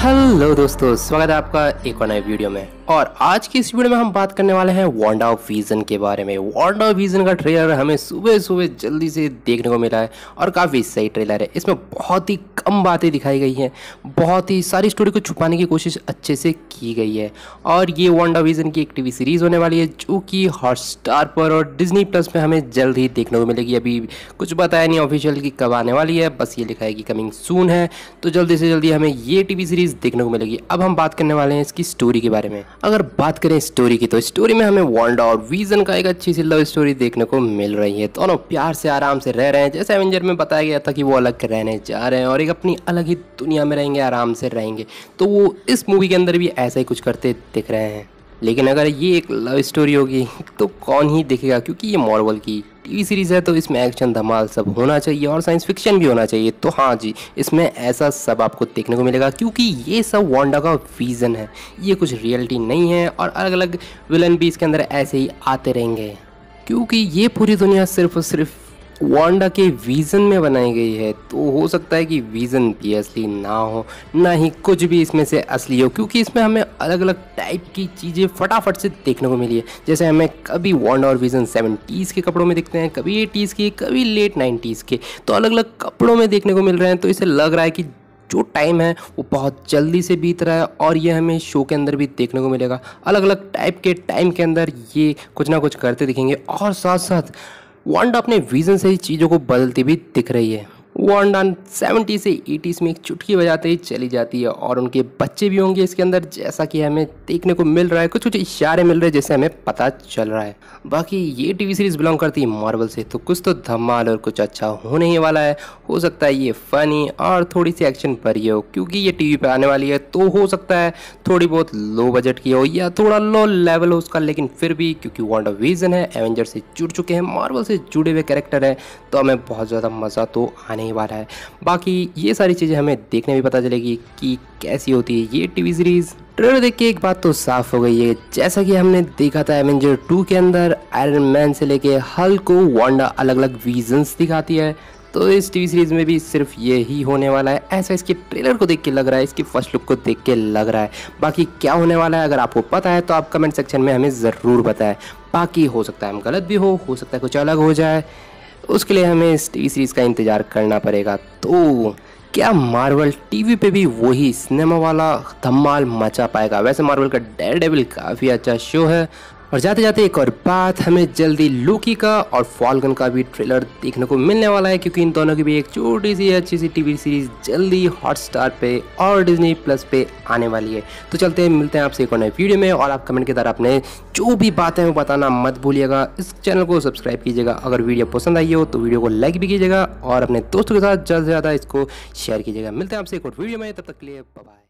hello दोस्तों स्वागत है आपका एक और नए वीडियो में और आज की इस वीडियो में हम बात करने वाले हैं वांडा विजन के बारे में ऑफ विजन का ट्रेलर हमें सुबह सुबह जल्दी से देखने को मिला है और काफ़ी सही ट्रेलर है इसमें बहुत ही कम बातें दिखाई गई हैं बहुत ही सारी स्टोरी को छुपाने की कोशिश अच्छे से की गई है और ये वांडा विजन की एक टी सीरीज़ होने वाली है जो कि हॉटस्टार पर और डिजनी प्लस में हमें जल्द ही देखने को मिलेगी अभी कुछ बताया नहीं ऑफिशियल कि कब आने वाली है बस ये लिखा है कि कमिंग सून है तो जल्दी से जल्दी हमें ये टीवी सीरीज़ देखने को मिलेगी अब हम बात करने वाले हैं इसकी स्टोरी के बारे में अगर बात करें स्टोरी की तो स्टोरी में हमें वांडा और विजन का एक अच्छी सी लव स्टोरी देखने को मिल रही है दोनों प्यार से आराम से रह रहे हैं जैसे एवेंजर में बताया गया था कि वो अलग रहने जा रहे हैं और एक अपनी अलग ही दुनिया में रहेंगे आराम से रहेंगे तो वो इस मूवी के अंदर भी ऐसा ही कुछ करते दिख रहे हैं लेकिन अगर ये एक लव स्टोरी होगी तो कौन ही देखेगा क्योंकि ये मॉर्वल की टीवी सीरीज़ है तो इसमें एक्शन धमाल सब होना चाहिए और साइंस फिक्शन भी होना चाहिए तो हाँ जी इसमें ऐसा सब आपको देखने को मिलेगा क्योंकि ये सब वांडा का विज़न है ये कुछ रियलिटी नहीं है और अलग अलग विलन भी इसके अंदर ऐसे ही आते रहेंगे क्योंकि ये पूरी दुनिया सिर्फ और सिर्फ वांडा के विज़न में बनाई गई है तो हो सकता है कि विज़न भी असली ना हो ना ही कुछ भी इसमें से असली हो क्योंकि इसमें हमें अलग अलग टाइप की चीज़ें फटाफट से देखने को मिली है जैसे हमें कभी वांडा और विज़न सेवेंटीज़ के कपड़ों में देखते हैं कभी एटीज़ के कभी लेट नाइन्टीज़ के तो अलग अलग कपड़ों में देखने को मिल रहे हैं तो इसे लग रहा है कि जो टाइम है वो बहुत जल्दी से बीत रहा है और ये हमें शो के अंदर भी देखने को मिलेगा अलग अलग टाइप के टाइम के अंदर ये कुछ ना कुछ करते दिखेंगे और साथ साथ वांडा अपने विजन से ही चीज़ों को बदलती भी दिख रही है वो डन सेवेंटी से एटीज़ में एक चुटकी बजाते ही चली जाती है और उनके बच्चे भी होंगे इसके अंदर जैसा कि हमें देखने को मिल रहा है कुछ कुछ इशारे मिल रहे हैं जैसे हमें पता चल रहा है बाकी ये टीवी सीरीज़ बिलोंग करती है मार्वल से तो कुछ तो धमाल और कुछ अच्छा होने ही वाला है हो सकता है ये फ़नी और थोड़ी सी एक्शन भरी हो क्योंकि ये टी पर आने वाली है तो हो सकता है थोड़ी बहुत लो बजट की हो या थोड़ा लो लेवल हो उसका लेकिन फिर भी क्योंकि वांडा विजन है एवेंजर से जुड़ चुके हैं मार्वल से जुड़े हुए कैरेक्टर हैं तो हमें बहुत ज़्यादा मज़ा तो आने नहीं पा रहा है बाकी ये सारी चीज़ें हमें देखने में पता चलेगी कि कैसी होती है ये टीवी सीरीज़ ट्रेलर देख के एक बात तो साफ हो गई है जैसा कि हमने देखा था एवेंजर 2 के अंदर आयरन मैन से लेके हल को वांडा अलग अलग विजन्स दिखाती है तो इस टीवी सीरीज़ में भी सिर्फ ये ही होने वाला है ऐसा इसके ट्रेलर को देख के लग रहा है इसकी फर्स्ट लुक को देख के लग रहा है बाकी क्या होने वाला है अगर आपको पता है तो आप कमेंट सेक्शन में हमें ज़रूर बताएं बाकी हो सकता है हम गलत भी हो हो सकता है कुछ अलग हो जाए उसके लिए हमें इस टीवी सीरीज़ का इंतज़ार करना पड़ेगा तो क्या मार्वल टीवी पे भी वही सिनेमा वाला धमाल मचा पाएगा वैसे मार्वल का डेयर डेविल काफ़ी अच्छा शो है और जाते जाते एक और बात हमें जल्दी लूकी का और फॉलगन का भी ट्रेलर देखने को मिलने वाला है क्योंकि इन दोनों की भी एक छोटी सी अच्छी सी टीवी सीरीज जल्दी हॉटस्टार पे और डिज्नी प्लस पे आने वाली है तो चलते हैं मिलते हैं आपसे एक और नए वीडियो में और आप कमेंट के द्वारा अपने जो भी बातें वो बताना मत भूलिएगा इस चैनल को सब्सक्राइब कीजिएगा अगर वीडियो पसंद आई हो तो वीडियो को लाइक भी कीजिएगा और अपने दोस्तों के साथ ज़्यादा से ज़्यादा इसको शेयर कीजिएगा मिलते हैं आपसे एक और वीडियो में तब तक के लिए बाय